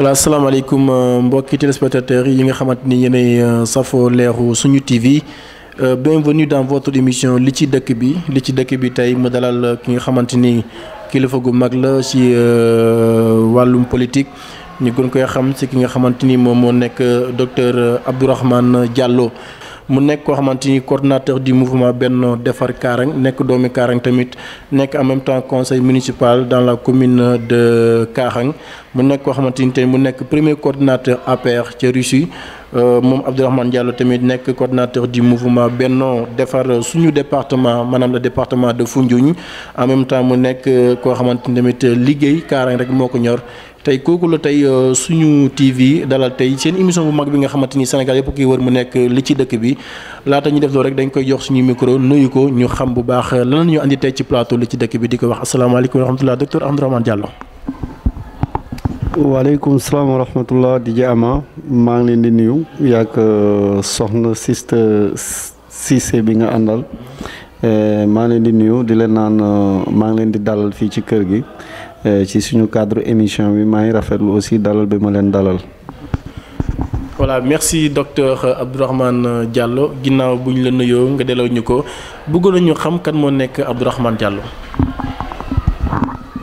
voilà salaamaaleykum euh, mbokki téléspectateurs yi nga xamante ni yéenay euh, safoo leeru suñu TV euh, venu dans votre émission li ci dëkk bi li ci dëkk bi tey ma dalal ki nga xamante ni kilifa gu mag la ci wàllum politique ñu gën koy xam ci ki nga xamante ni moom moo nekk docteur Abdourahmane Diallo. mu nekk koo xamante ni coordonnateur du mouvement Benno Defar Karang nekk doomi Karang tamit nekk en même temps conseil municipal dans la commune de Karang mu nekk koo xamante ni tey mu nekk premier coordonnateur APR ca Russie euh, moom Abdourahmane Diallo tamit nekk coordonnateur du mouvement Benno Defar suñu département maanaam le département de Foundiougne en même temps mu nekk euh, koo xamante ni tamit liggéey Karang rek moo ko ñor. tey kooku la tey euh, suñu TV dalal tey seen émission bu mag bi nga xamante ni Sénégal yëpp kiy war mu nekk li ci dëkk bi laata ñu def loolu rek dañ koy jox suñu micro nuyu ko ñu xam bu baax lan ñu andi tey ci plateau li ci dëkk bi di ko wax asalaamaaleykum wa rahmatulah docteur Abdourahmane Diallo. waaleykum salaam wa rahmatulah di jaama maa ngi leen di nuyu yàgg euh, soxna siste Cissé bi nga àndal eh, maa ngi leen di nuyu di leen naan euh, maa ngi leen di dalal fii ci kër gi. Eh, ci suñu cadre émission bi maa ngi rafetlu aussi dalal bi ma leen dalal. voilà merci docteur Abdourahmane Diallo ginnaaw bu ñu la nuyoo nga delloo ñu ko bëggoon ñu xam kan moo nekk Abdourahmane Diallo.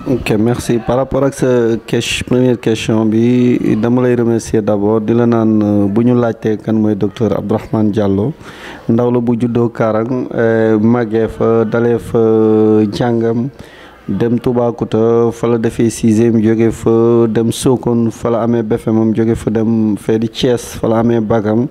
ok merci par rapport ak sa question question bi dama lay remercier d'abord di la naan euh, bu ñu laajtee kan mooy docteur Abdourahmane Diallo ndaw la bu juddoo Kaarang euh, màggee fa dalee fa euh, jàngam. dem Toubacouta fa la defee sixième jóge fa dem Sokone fa la amee BFEM jóge fa dem fee di Thiès fa la amee bagam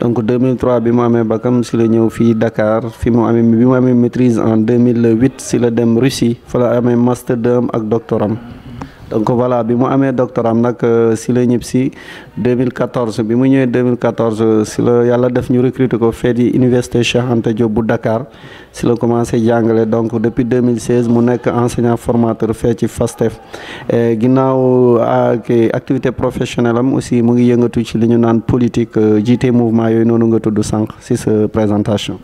donc 2003 bi mu amee bagam si la ñëw fii dakaar fi mu amee bi mu amee maîtrise en 2008 si la dem Russie fa la amee master 2 am ak doctoram donc voilà bi mu amee doctorat am nag euh, si la ñib si 2014 bi mu ñëwee 2014 euh, si la yàlla def ñu recruter ko fee di université Cheikh Anta Diop bu Dakar si la commencé jàngale donc depuis 2016 mu nekk enseignant formateur fee ci faste FASTEF ginnaaw euh, ak activité professionnelle am aussi mu ngi yëngatu ci li ñu naan politique jiite mouvement yooyu noonu nga tudd sànq si sa présentation.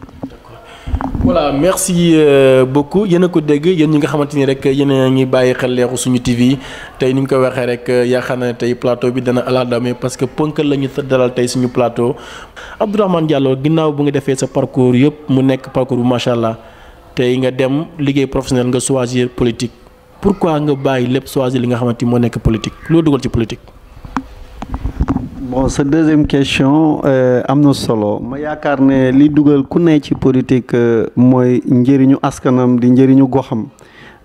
voilà merci euh, beaucoup yéen a ko dégg yéen ñi nga xamante ni rek yéen a ngi bàyyi xel leexu suñu TV tey ni ñu ko waxee rek euh, yaakaar naa ne tey plateau bi dana alaadame parce que ponkal la ñu dalal tey suñu plateau. Abdourahmane Diallo ginnaaw bu nga defee sa parcours yëpp mu nekk parcours bu macha allah tey nga dem liggéey professionnel nga choisir politique pourquoi nga bàyyi lépp choisir li nga xamante ni moo nekk politique loo dugal ci politique. bon sa deuxième question euh, am na solo ma yaakaar ne li dugal ku ne ci politique euh, mooy njëriñu askanam di njëriñu goxam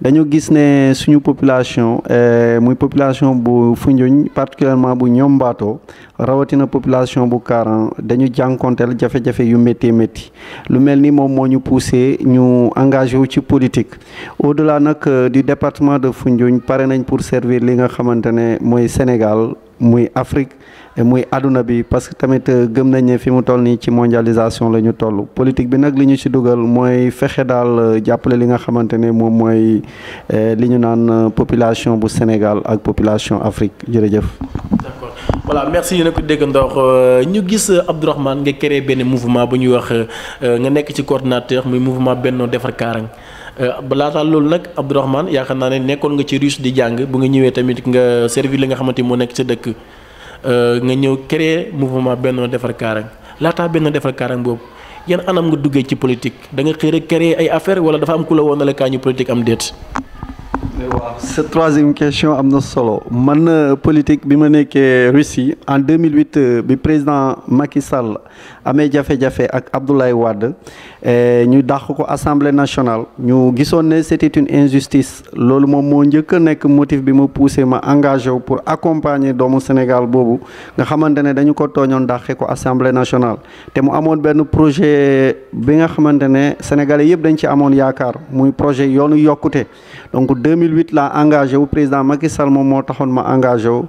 dañu gis ne suñu population euh, muy population bu Foundiougne particulièrement bu ñombaato rawatina population bu Karang dañu jànkonteel jafe-jafe yu métti métti lu mel ni moom moo ñu poussé ñu engagé wu ci politique au-delà nag di département de Foundiougne pare nañ pour servir li nga xamante ne mooy Sénégal muy Afrique muy àdduna bi parce que tamit euh, gëm nañ ne fi mu toll nii ci mondialisation la ñu toll politique bi nag li ñu ci dugal mooy fexe daal euh, jàppale li nga xamante ne moom mooy euh, li ñu naan population bu Sénégal ak population Afrique jërëjëf. d'accord voilà merci yéen a ko dégg ndox ñu gis Abdourahmane nga créé benn mouvement bu ñuy wax nga nekk ci coordinateur muy mouvement Benno Defar Kaarang balaataa loolu nag Abdourahmane yaakaar naa ne nekkoon nga ci russe di jàng bu nga ñëwee tamit nga servir li nga xamante moo nekk ci dëkk. Euh, nga ñëw créer mouvement bennoo Defar Kaarang laataa Benno Defar Kaarang boobu yan anam nga duggee ci politique da nga xëy rek créer ay affaire wala dafa am ku la woon na kaa ñu politique am déet. waaw sa troisième question am na solo man euh, politique bi ma nekkee Russie en 2008 euh, bi président Macky Sall amee jafe-jafe ak wadd Wade eh, ñu dàq ko assemblée nationale ñu gisoon ne et une injustice loolu moom moo njëkk a nekk motif bi mu poussé ma engagé wu pour accompagner doomu Sénégal boobu nga xamante ne dañu ko tooñoon dàqee ko assemblée nationale te mu amoon benn projet bi nga xamante ne sénégalais yëpp dañ ci amoon yaakaar muy projet yoonu yokkute donc 2008 laa engagé wu président Macky Sall moom moo taxoon ma engagé wu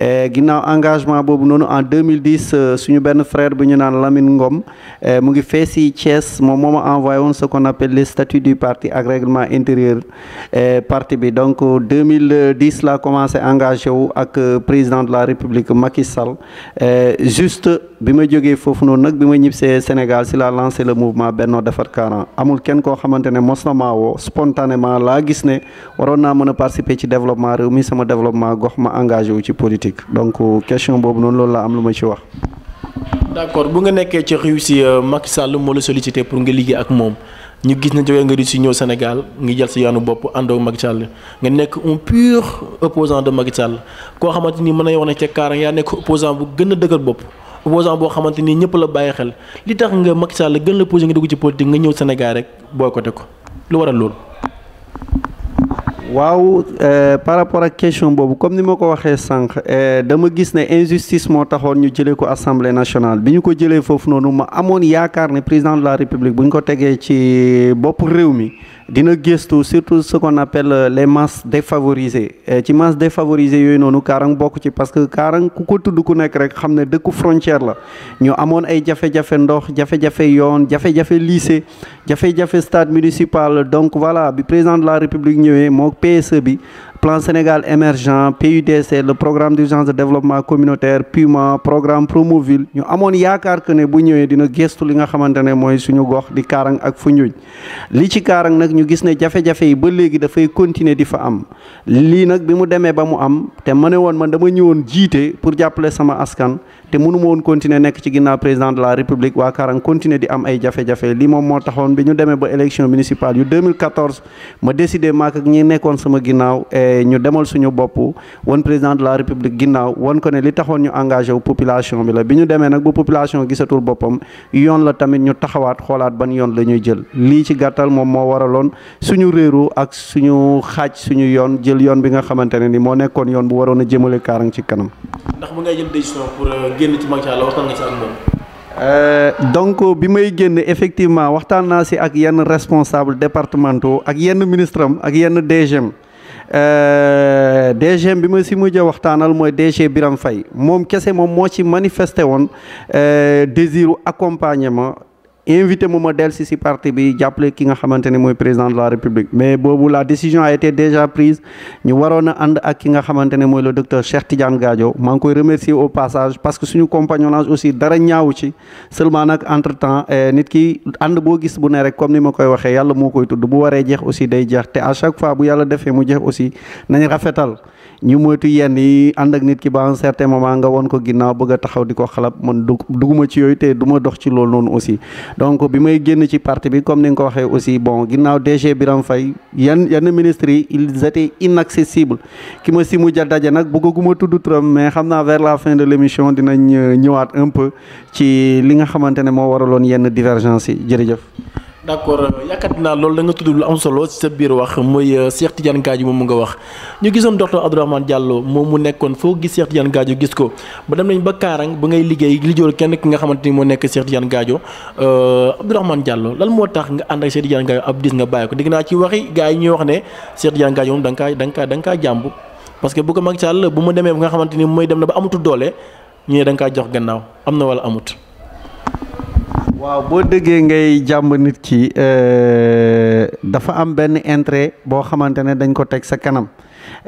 eh, ginnaaw engagement boobu noonu en 2010 euh, suñu benn frère bu ñu naan Lamine Ngom eh, mu ngi fee si Thiès moom moo ma envoyé woon ce qu'on appelle les statuts du parti ak règlement intérieur eh, parti bi donc 2010 euh, laa commencé engagé wu ak euh, président de la République Macky Sall juste bi ma jógee foofu noonu nag bi ma ñibbisee Sénégal si laa lancé le mouvement bennoo Defar Karan amul kenn koo xamante ne mos naa mën a participer ci développement réew mi sama développement gox ma engagé wu ci politique donc euh, question boobu noonu ma ci wax. d'accord ci euh, moo la sollicité pour nga liggéey ak moom ñu gis na jógee nga Russie ñëw Sénégal nga jël sa yoonu bopp àndoo Macky Sall nga nekk un pur opposant de Macky Sall koo xamante ni mën na wax ne ca Kaarang yaa nekk opposant bu gën a dëgër bopp opposant boo xamante ni ñëpp la bàyyi xel li tax nga Macky Sall gën la posé nga dugg ci politique nga ñëw Sénégal rek boycotté ko lu waral loolu. waaw euh, par rapport ak question boobu comme ni ma ko waxee sànq euh, dama gis ne injustice moo taxoon ñu jëlee ko assemblée nationale bi ñu ko jëlee foofu noonu ma amoon yaakaar ne président de la république bu ñu ko tegee ci bopp réew mi. dina gëstu surtout ce qu'on appelle euh, les masses défavorisées ci masses défavorisées yooyu noonu Kaarang bokk ci parce que Kaarang ku ko tudd ku nekk rek xam ne dëkku frontière la ñu amoon ay jafe-jafe ndox jafe-jafe yoon jafe-jafe lycée jafe-jafe stade municipal donc voilà bi président de la république ñëwee moo PSE bi plan Sénégal émergent PUDC le programme d'urgence de développement communautaire PUMA programme Promoville ñu amoon yaakaar que ne bu ñëwee dina gestu li nga xamante ne mooy suñu gox di Kaarang ak Foundiougne li ci Kaarang nag ñu gis ne jafe-jafe yi ba léegi dafay continuer di fa am lii nag bi mu demee ba mu am te ma ne woon man dama ñëwoon jiite pour jàppale sama askan te mënu ma woon continuer nekk ci ginnaaw président de la république waa Kaarang continuer di am ay jafe-jafe lii moom moo demee ba élection municipale yu 2014 ma décidé maak ak waaye ñu demal suñu bopp wan président de la république ginnaaw wan ko ne li taxoon ñu engagé wu population bi la bi ñu demee nag bu population gisatul boppam yoon la tamit ñu taxawaat xoolaat ban yoon la jël lii ci gàttal moom moo waraloon suñu réeru ak suñu xaaj suñu yoon jël yoon bi nga xamante ne ni moo nekkoon yoon bu waroon a jëmale Karang ci kanam. ndax mu ngay jël euh, euh, donc bi may génn effectivement waxtaan naa si ak yenn responsable départementaux ak yenn ministre am ak yenn DG Euh, DG bi ma si mujj a waxtaanal mooy DG biram fay moom kese moom moo ci manifesté woon euh, désiru accompagnement. invité mu ma dellusi si parti bi jàppale ki nga xamante ne mooy président de la république mais boobu la décision a été déjà prise ñu waroon a ànd ak ki nga xamante ne mooy la docteur Cheikh Tidiane Gadio maa ngi koy remercier au passage parce que suñu compagnonnage aussi dara ñaaw ci seulement nag entre temps eh, nit ki and boo gis bu ne rek comme ni ma koy waxee yàlla moo koy tudd bu waree jeex aussi day jeex te à chaque fois bu yàlla defee mu jeex aussi nañ rafetal. ñu moytu yenn yi ànd ak nit ki ba un certain maa nga won ko ginnaaw bëgg a taxaw di ko xalab man duguma ci yooyu te du ma dox ci loolu noonu aussi donc bi may génn ci parti bi comme ni nga ko waxee aussi bon ginnaaw DG Birame fay yan yenn ministres yi ils étaient inaccessibles ki ma si mujj a daje nag bëgguma tudd turam mais xam naa vers la fin de l' émission dinañ euh, ñëwaat un peu ci li nga xamante ne moo waraloon yenn divergence yi jërëjëf d' accord yaakaar naa loolu da nga tudd lu am solo ci sa biir wax mooy euh, Cheikh Tidiane Gadio moom mu nga wax ñu gisoon docteur Abdourahmane Diallo moom mu nekkoon foo gis Cheikh Tidiane Gadio gis ko ba dem nañ ba Kaarang ba ngay liggéey li kenn ki nga xamante ni moo nekk Cheikh Tidiane Gadio euh, Abdourahmane Diallo lan moo tax nga ànd ak Cheikh Tidiane Gadio ab dis nga bàyyi ko dégg naa ci waxi gars yi ñuy wax ne Cheikh Tidiane Gadio moom da nga kaa da nga parce que bu ko Macky Sall bu ma demee nga xamante ni mooy dem na ba amatul doole ñu ne da jox gannaaw am na wala amut waaw boo déggee ngay jàmb nit ki euh, dafa am benn intérêt boo xamante ne dañ ko teg sa kanam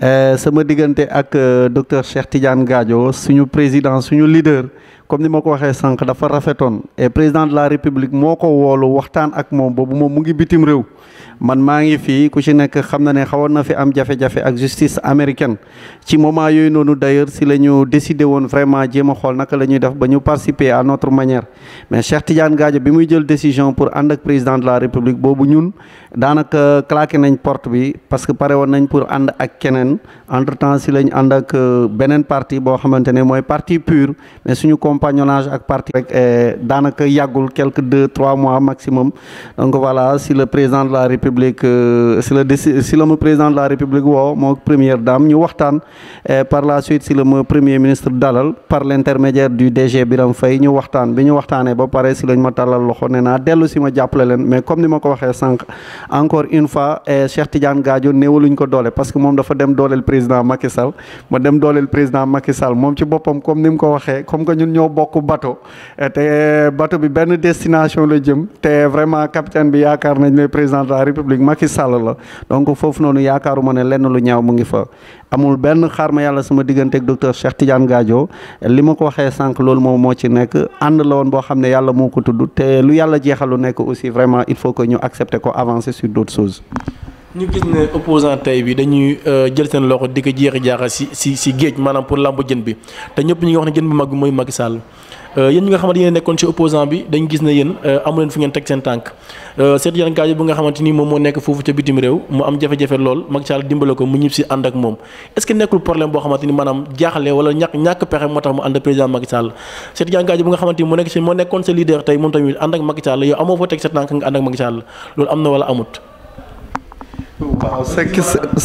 euh, sama diggante ak euh, docteur Cheikh Tidiane Gadio suñu président suñu leader. comme ni ma ko waxee sànq dafa rafetoon et président de la république moo ko woolu waxtaan ak moom boobu moom mu ngi bitim réew man maa ngi fii ku ci nekk xam na ne xawoon na fi am jafe-jafe ak justice américaine ci moment yooyu noonu d'ailleurs si la ñu décidé woon vraiment jéem a xool naka la ñuy def ba ñu participer à notre manière mais Cheikh Tidiane Gadio bi muy jël décision pour ànd ak président de la république boobu ñun daanaka claqué nañ porte bi parce que pare woon nañ pour ànd ak keneen entre temps si lañ ànd ak euh, beneen parti boo xamante ne mooy parti pur compagnonnage ak parti rek eh, daanaka yàggul quelque deux trois mois maximum donc voilà si le président de la république euh, si le si le ma président de la république woo moo première dame ñu waxtaan eh, par la suite si le ma premier ministre dalal par l' intermédiaire du DG Biram Faye ñu waxtaan bi ñu waxtaanee ba pare si lañ ma tàllal loxo ne naa dellu si ma jàppale leen mais comme ni ma ko waxee sànq encore une fois eh, Cheikh Tidiane Gadio néewaluñ ko doole parce que moom dafa dem dooleel président ñoo bokk bato eh, te bato bi benn destination la jëm te vraiment capitaine bi yaakaar nañ ne président de la république Macky Sall la donc foofu noonu yaakaaruma ne lenn lu ñaaw mu ngi fa amul benn xaar ma yàlla sama diggante ak docteur Cheikh Tidiane Gadio li ma ko waxee sànq loolu moom moo ci nekk ànd la woon boo xam ne yàlla moo ko tudd te lu yàlla jeexal nekk aussi vraiment il faut que ñu accepter ko avancer sur d'autres choses ñu gis ne opposant tey bi dañuy euh, jël seen loxo di ko jeexi jaaxa si si si géej maanaam pour làmb jën bi te ñëpp ñi nga wax ne jën bu mag bi mooy Macky Sall euh, yéen ñi nga xamante yéen gis ne yéen euh, amu leen seen tànk seet yan gaajo bu moom moo nekk foofu ca bitim réew mu am jafe-jafe lool Macky Sall dimbale ko mu ñib si ànd ak moom est-ce que nekkul problème boo xamante ni maanaam jaaxale wala ñàkk ñàkk pexe moo tamit ànd ak Macky Sall yow amoo foo teg sa tànk nga ànd ak Macky Sall loolu am na wala amut waaw sa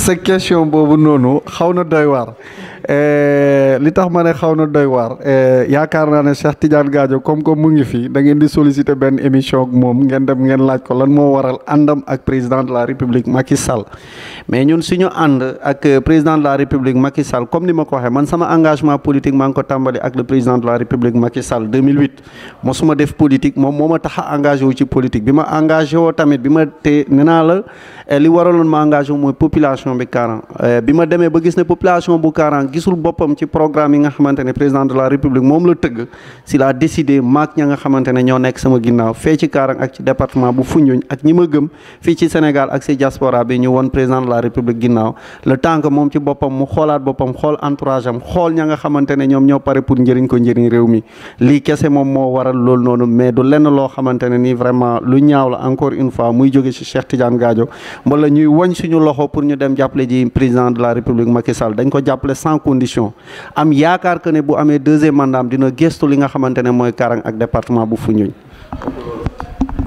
sa question boobu noonu xaw na doy waar Eh, li tax ma ne xaw na doy waar eh, yaakaar naa ne Cheikh Tidiane Gadio comme comme mu ngi fii da ngeen di solliciter benn émission moom ngeen dem ngeen laaj ko lan moo waral àndam ak président de la république Macky Sall mais ñun suñu ànd ak eh, président de la république Macky comme ni ma ko waxee man sama engagement politique maa ngi ko tàmbali ak le président de la république Macky Sall 2008 mosuma def politique moom moo ma tax a engagé wu ci politique bi ma engagé woo tamit bi ma te nee la li waraloon ma engagé wu mooy population bi Karang bi ma demee ba gis ne population bu Karang gisul boppam ci programme yi nga xamante ne président de la république moom la tëgg si la décidé maak ña nga xamante ne ñoo nekk sama ginnaaw fee ci Kaarang ak ci département bu Foundiougne ak ñi ma gëm fii ci Sénégal ak si diaspora bi ñu won président de la république ginnaaw le temps moom ci boppam mu xoolaat boppam xool entourage xool ña nga xamante ñoom ñoo pare pour njëriñ ko njëriñ réew mi lii kese moom moo waral loolu noonu mais du lenn loo lu ñaaw la encore une fois muy jóge condition am yaakaar que ne bu amee deuxième mandat dina gestu li nga xamante ne mooy Karang ak département bu Foundiougne.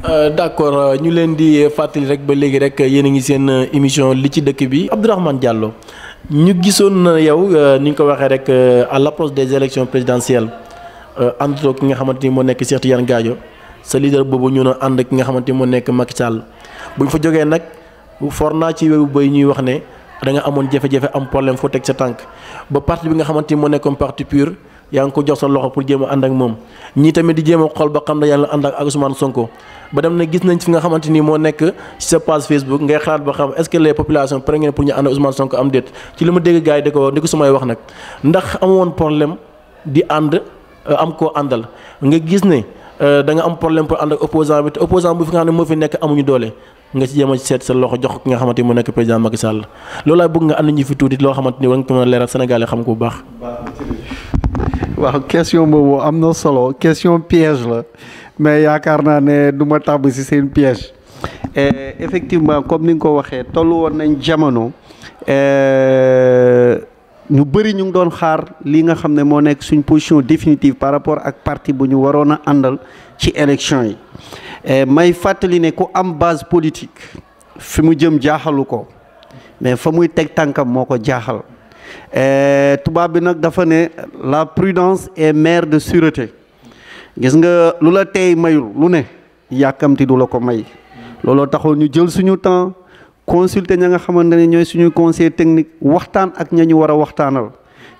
Euh, d'accord euh, ñu leen di fàttali rek ba léegi rek yéen a ngi seen euh, émission li ci dëkk bi Abdourahmane Diallo ñu gisoon na yow ni ñu ko waxee rek à l'approche des élections présidentielles ànd toog ki nga xamante ni moo nekk Cheikh Tidiane Gadio sa leader boobu ñu na ànd ki nga xamante ni moo nekk Macky Sall bu ñu fa jógee nag for ci wébu bay ñuy danga amoon jafe-jafe am problème foo teg sa tànk ba parti bi nga xamante ni moo nekkoon parti pur yaa ngi ko jox sa loxo pour jéem a ànd ak moom ñii tamit di jéem a xool ba xam ne yàlla ànd ak ak Sonko ba dem na gis nañ fi nga xamante ni moo nekk ci sa page Facebook ngay xalaat ba xam est-ce que les populations pare ngeen pour ñu ànd ak Ousmane Sonko am déet ci li ma dégg gars di ko di ko wax nag ndax amoon problème di ànd euh, am koo àndal nga gis ne euh, da am problème pour ànd ak opposant bi te opposant moo fi nekk amuñu doole nga ci jéem a seet sa loxo jox ki nga xamante ni mu nekk président Macky Sall loolu laa bëgg nga ànd ñu fi tuuti loo xamante ni war nga ko mën a leeral Sénégal yi xam ko bu question boobu am na solo question piège la mais yaakaar naa ne du ma tàbb si seen piège. effectivement comme ni nga ko waxee tollu woon nañ jamono euh, ñu bëri ñu ngi doon xaar li nga xam ne moo nekk suñ position définitive par rapport ak partie bu ñu waroon a àndal ci élection yi. Eh, may fàttali ne ku am base politique fi mu jëm jaaxalu ko mais fa muy teg tànkam moo ko jaaxal eh, tubaab bi nag dafa ne la prudence et maire de sureté gis nga lu la tey mayul lu ne yàkkamti du la ko may looloo taxoon ñu jël suñu temps consulter ña nga xamante ne ñooy suñu conseil technique waxtaan ak ña ñu war a waxtaanal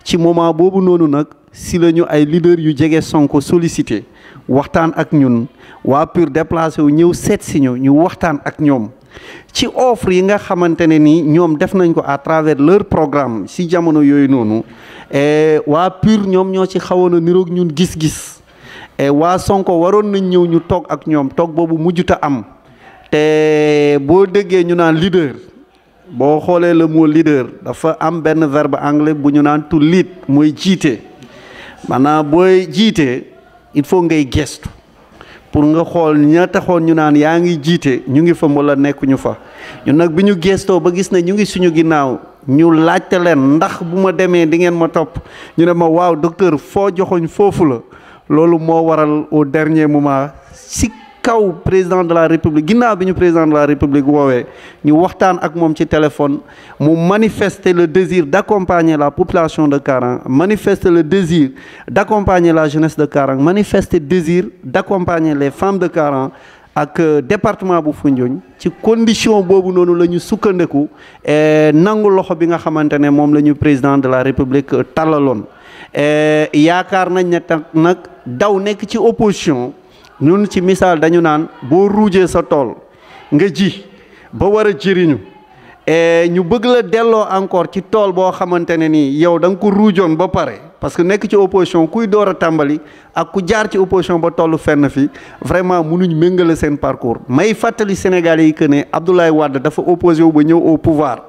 ci moment boobu noonu nag si la ñu ay leader yu jege Sonko solicité waxtaan ak ñun waa PUR déplacé wu ñëw seet si ñu ñu waxtaan ak ñoom ci offre yi nga xamante ne ni ñoom def nañ ko à travers leur programme si jamono yooyu noonu eh, waa PUR ñoom ñoo ci xawoon a niroog ñun gis-gis eh, waa Sonko waroon nañ ñëw ñu toog ak ñoom toog boobu mujjuta am te boo déggee ñu naan leader boo xoolee le mot leader dafa am benn verbe anglais bu ñu naan to lead mooy jiite maanaam booy jiite. il faut ngay gestu pour nga xool ña taxoon ñu naan yaa ngi jiite ñu ngi fa a nekkuñu fa ñu nag bi ñu geestoo ba gis ne ñu ngi suñu ginnaaw ñu laajte leen ndax bu ma demee di ngeen ma topp ñu ne ma waaw docteur foo joxoñ foofu la loolu moo waral au dernier moment si kaw président de la république ginnaaw bi ñu président de la république woowee ñu waxtaan ak moom ci téléphone mu manifester le désir d'accompagner la population de Karang manifester le désir d'accompagner la jeunesse de Karang manifester désir d'accompagner les femmes de Karang ak euh, département bu Foundiougne ci condition boobu noonu la ñu sukkandiku nangu loxo bi nga xamante ne moom la ñu président de la république euh, tàllaloon yaakaar nañ ne nag daw nekk ci opposition ñun ci misaal dañu naan boo ruujee sa tool nga ji ba war a jëriñu e ñu bëgg la delloo encore ci tool boo xamante ne nii yow da nga ko ruujoon ba pare parce que nekk ci opposition kuy door a tàmbali ak ku jaar ci opposition ba toll fenn fi vraiment mënuñ méngale seen parcours may fàttali sénégal yi que ne Abdoulaye wàdd dafa opposé wu ba ñëw au pouvoir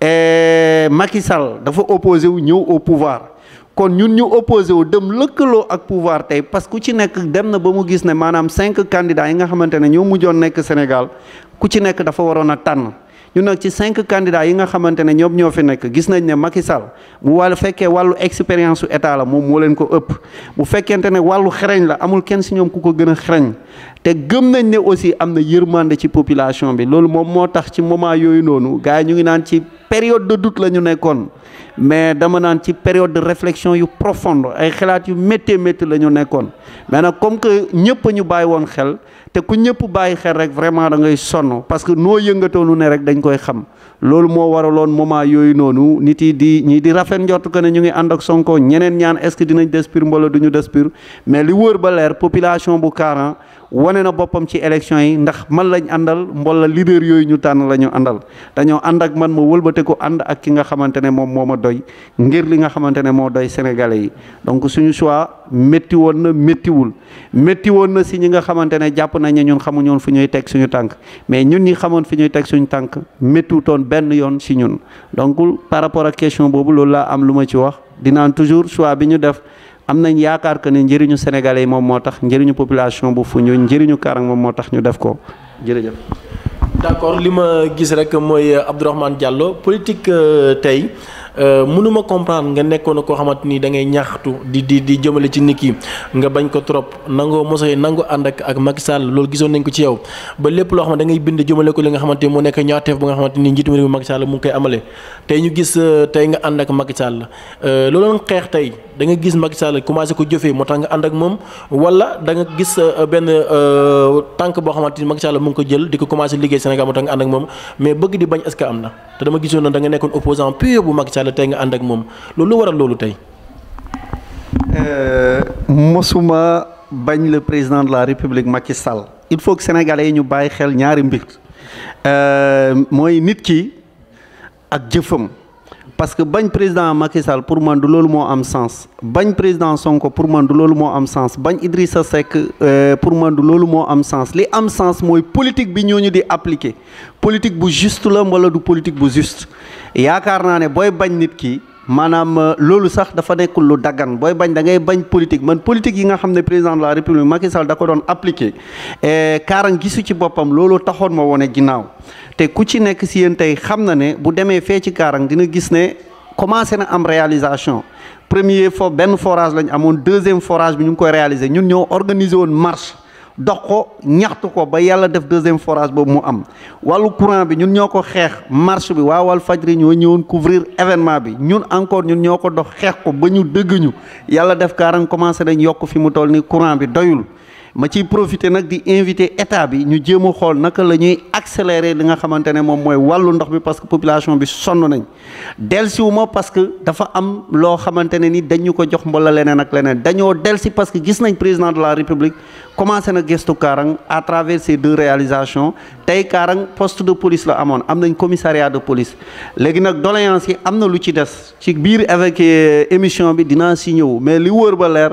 e Macky Sall dafa opposé wu ñëw au pouvoir kon ñun ñu opposé wu dem lëkkaloo ak pouvoir tey parce que ku ci nekk dem na ba mu gis ne maanaam cinq candidats yi nga xamante ne ñoo mujjoon nekk Sénégal ku ci nekk dafa waroon a tànn ñu nag ci cinq candidats yi nga xamante ne ñoom ñoo fi nekk gis nañ ne Macky Sall bu fekkee wàllu expérience su état la moom moo leen ko ëpp bu fekkente ne wàllu xereñ la amul kenn si ñoom ku ko gën a xereñ te gëm nañ ne aussi am na yërmande ci population bi loolu moom moo tax ci moment yooyu noonu gars yi ñu ngi naan ci période de doute la ñu nekkoon mais dama naan ci période de réflexion yu profonde ay xalaat yu méttee métti la ñu nekkoon mais nag comme que ñëpp ñu bàyyi woon xel te ku ñëpp bàyyi xel rek vraiment da ngay sonn parce que noo yëngatoonu ne rek dañ koy xam loolu moo waraloon moment yooyu noonu nit yi di ñii di rafet njort que ne ñu ngi ànd ak Sonko ñeneen ñaan est dinañ des pur mbolo du ñu mais li wóor ba leer population bu Karang wane na boppam ci élection yi ndax man lañ àndal mbolla leader yooyu ñu tànn la ñu àndal dañoo ànd ak man ma wëlbate ko ànd ak ki nga xamante ne moom moo ma doy ngir li nga xamante ne moo doy sénégalais yi donc suñu choix métti woon na méttiwul métti woon na si ñi nga xamante ne jàpp nañ ne ñun xamuñoon fu ñuy teg suñu tànk mais ñun ñi xamoon fi ñuy teg suñu tànk méttiwutoon benn yoon si ñun donc par rapport ak question boobu loolu laa am lu ma ci wax dinaan toujours choix bi ñu def am nañ yaakaar que ne njëriñu sénégalais yi moom moo tax njëriñu population bu Foundiougne njëriñu Karang moom moo tax ñu def ko jërëjëf. d' accord li ma gis rek mooy Abdourahmane jàlloo politique euh, tey. Euh, mënuma comprendre nga nekkoon koo xamante ni da ngay ñaxtu di di di jëmale ci nit ki nga bañ ko trop nangoo mosay nangu ànd ak ak Macky Sall loolu gisoon nañ ko ci yow ba lépp loo xam ne da ngay bind jëmale ko li nga xamante ni mu nekk ñaawteef ba nga xamante ni njiitu réew mi mu euh, nga euh, xeex tey da gis Macky Sall commencé ko jëfee moo tax nga ànd ak da nga gis benn tànk boo xamante ni mu ko jël di ko commencé liggéey Sénégal moo tax nga ànd ak moom mais bëgg di bañ est-ce am na te dama gisoon na da nekkoon opposant pur bu Macky Sall tey ànd ak moom loolu waral loolu tey. Euh, mosuma bañ le président de la république ci Sall il faut que sénégalais yi ñu bàyyi xel ñaari mbir euh, mooy nit ki ak jëfam. parce que bañ président Macky Sall pour man du loolu moo am sens bañ président Sonko pour man du loolu moo am sens bañ Idrissa Seck euh, pour man du loolu moo am sens li am sens mooy politique bi ñooñu di appliquer politique bu juste la wala du politique bu juste yaakaar naa ne booy bañ nit ki maanaam euh, loolu sax dafa nekkul lu daggan booy bañ da ngay bañ politique man politique yi nga xam ne président de la république Macky Sall da ko doon appliquer Kaarang gisu ci boppam loolu taxoon ma wone ginnaaw. te ku ci nekk si yéen tey xam na ne bu demee fee ci Kaarang dina gis ne commencé na am réalisation premier fo benn forage lañ amoon deuxième forage bi ñu ngi koy réaliser ñun ñoo organiser woon marche dox ko ñaxtu ko ba yàlla def deuxième forage boobu mu am wàllu courant bi ñun ñoo ko xeex marche bi waa faj fajri ñoo ñëwoon couvrir événement bi ñun encore ñun ñoo ko dox xeex ko ba ñu dëgg ñu yàlla def Kaarang commencé nañ yokk fi mu toll ni courant bi doyul ma ciy profité nag di invité état bi ñu jéem a xool naka la ñuy accélérer li nga xamante ne moom mooy wàllu ndox bi parce que population bi sonn nañ delsiwu ma parce que dafa am loo xamante ne ni dañu ko jox mbala leneen ak leneen dañoo delsi parce que gis nañ président de la république commencé na gestu Kaarang à travers ces deux réalisations tey Kaarang post de police la amoon am nañ commissariat de police léegi nag doléance yi am na lu ci des ci biir avec euh, émission bi dina si ñëw mais lu wóor ba leer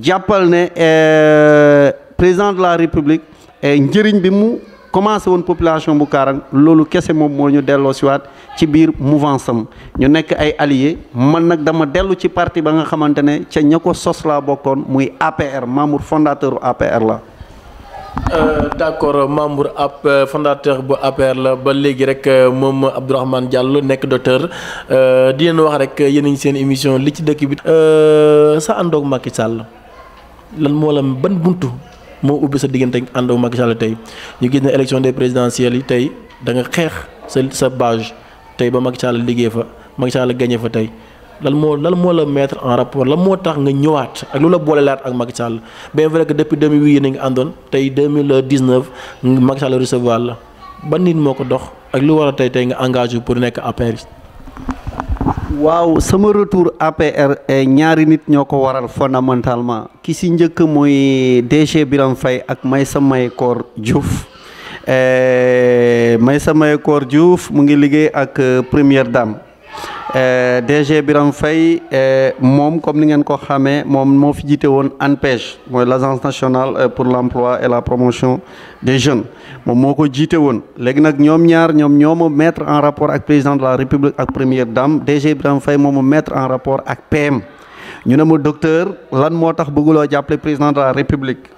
jàppal ne euh, président de la république euh, njëriñ bi mu. commencé woon population bu Kaarang loolu kese moom moo ñu delloo siwaat ci biir mouvance am ñu nekk ay alliés man nag dama dellu ci parti ba nga xamante ne ca ña ko sos laa bokkoon muy APR membre fondateur APR la euh, d'accord membre ab fondateur bu APR la ba léegi rek euh, moom Abdourahmane Diallo nekk docteur euh, di leen wax rek yéen a ngi seen émission li ci dëkk bi. sa àndoog Macky Sall lan moo la ban buntu moo ubbi sa diggante ànd ak Macky tey ñu gis ne élection des présidentielles yi tey danga xeex sa sa base tey ba Macky Sall liggéey fa Macky Sall gagné fa tey lan moo lan moo la mettre en rapport lan moo tax nga ñëwaat ak lu la boole laat ak Macky Sall bien vrai que depuis 2008 yéen a ngi àndoon tey 2019 Macky Sall recevoir la ban nit moo ko dox ak lu war a tey tey nga engagé pour nekk APR. waaw sama retour APR ñaari nit ñoo ko waral fondamentalement ki si njëkk mooy DG Birame fay ak may Maysa Mayakor Diouf eh, Maysa Mayakor Diouf mu ngi liggéey ak euh, première dame. Euh, DG Birame Faye euh, moom comme ni ngeen ko xamee moom moo fi jiite woon ANPEJ mooy l' agence nationale euh, pour l' emploi et la promotion des jeunes moom moo ko jiite woon léegi nag ñoom ñaar ñoom ñoo ma mettre en rapport ak président de la république ak première dame DG Birame Faye moo ma mettre en rapport ak PM ñu ne ma docteur lan moo tax bëgguloo jàppale président de la république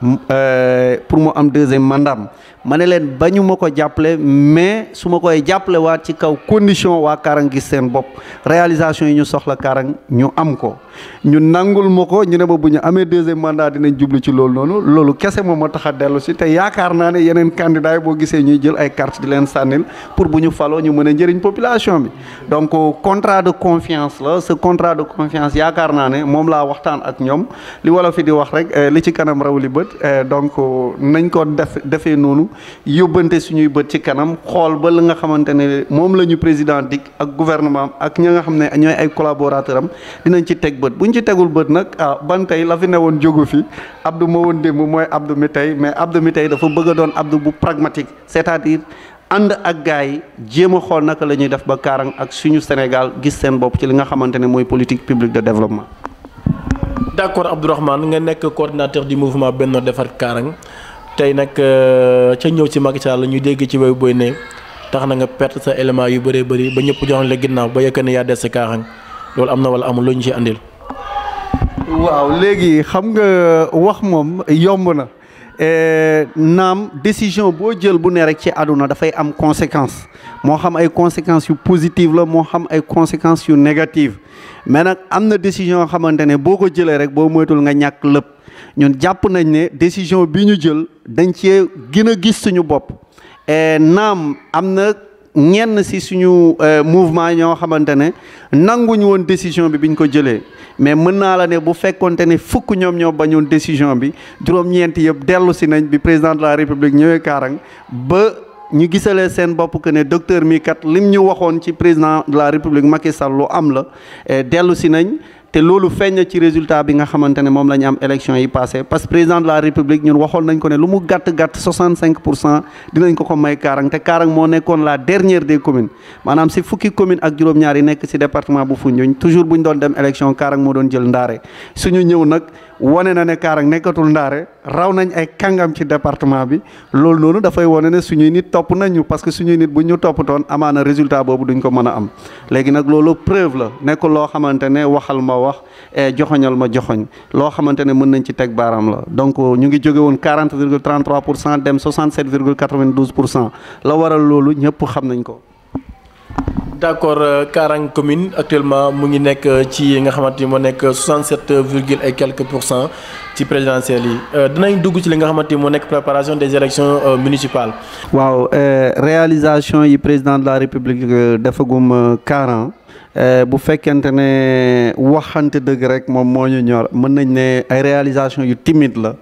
pour mu am deuxième mandat ma ne leen bañu ma ko jàppale mais su ma koy jàppale waat ci kaw condition waa Karang gis seen bopp réalisation yi ñu soxla Karang ñu am ko ñu nangul ma ko ñu ne ma bu ñu amee deuxième mandat dinañ jublu ci loolu noonu loolu kese moom ma tax a dellu si te yaakaar naa ne yeneen candidats boo gisee ñuy jël ay carte di leen sànnil pour bu ñu faloo ñu mën a njëriñ population bi donc contrat de confiance la ce contrat de confiance yaakaar naa ne moom laa waxtaan ak ñoom li wala fi di wax rek eh, li ci kanam raw li bët eh, donc nañ ko def defee noonu yóbbante suñuy bët ci kanam xool ba la nga xamante ne moom la ñu président dik ak gouvernement ak ñi nga xam ne ñooy ay collaborateur am dinañ ci teg bët bu ñu ci tegul bët nag ah ban tey la fi ne woon jógu fi abdu ma woon démb mooy Abdou mi tey mais Abdou mi tey dafa bëgg a doon Abdou bu pragmatique c'est-à-dire ànd ak gars yi jéem a xool naka la ñuy def ba Kaarang ak suñu Sénégal gis seen bopp ci li nga xamante ne mooy politique publique de développement. d'accord Abdourahmane nga nekk coordinateur du mouvement Benno Defar Kaarang tey nag euh, ca ñëw ci Macky Sall ñu dégg ci way booy ne tax na nga perte sa élément yu bëree bëri ba ñëpp jox la ginnaaw ba yëkk ne yaa des sa kaaxaan loolu am na wala amul loo ñu ci andil. waaw léegi xam nga wax moom yomb na. Euh, naam décision boo jël bu ne rek ci àdduna dafay am conséquence moo xam ay conséquences yu positive la moo xam ay conséquences yu négative mais nag am na décision yoo xamante ne boo ko jëlee rek boo moytul nga ñàkk lépp ñun jàpp nañ ne décision bi ñu jël dañ cee gën a gis suñu bopp naam am na ñenn si suñu euh, mouvement ñoo xamante ne nanguñu woon décision bi biñ ko jëlee mais mën naa la ne bu fekkoonte ne fukk ñoom ñoo bañoon décision bi juróom-ñeent yëpp dellu si nañ bi président de la république ñëwee Kaarang ba ñu gisalee seen bopp que ne docteur mi kat lim ñu waxoon ci président de la république Macky Sall lu am la eh, dellu si nañ. te loolu feeñ na ci résultat bi nga xamante ne moom la ñu am élection yi passé parce que président de la république ñun waxoon nañ ko ne lu mu gàtt gàtt 65 pour cent dinañ ko ko may Kaarang te Kaarang moo nekkoon la dernière des communes maanaam si fukki commune ak juróom-ñaar yi nekk si département bu Foundiougne toujours bu ñu doon dem élection Kaarang moo doon jël ndaare suñu ñëw nag. wane na ne Kaarang nekkatul ndaare raw nañ ay kàngam ci département bi loolu noonu dafay wone ne suñuy nit topp nañu ñu parce que suñuy nit bu ñu toppatoon amaana résultat boobu duñ ko mën a am léegi nag loolu preuve la nekkul loo xamante ne waxal ma wax e joxoñal ma joxoñ loo xamante ne mën nañ ci teg baaraam la donc ñu ngi jóge woon 40 virgule 33 pour cent dem 67 virgule 92 pour cent la waral loolu ñëpp xam nañ ko. d' accord euh, Karang commune actuellement mu ngi nekk euh, ci nga xamante ni moo nekk 67 virgule et quelques pour cent ci présidentielles yi euh, dinañ dugg ci li nga xamante ni moo nekk préparation des élections municipales. waaw réalisation yi président de la république defagum 40 bu fekkente ne waxante dëgg rek moom moo ñor mën nañ ne ay réalisation yu timide la.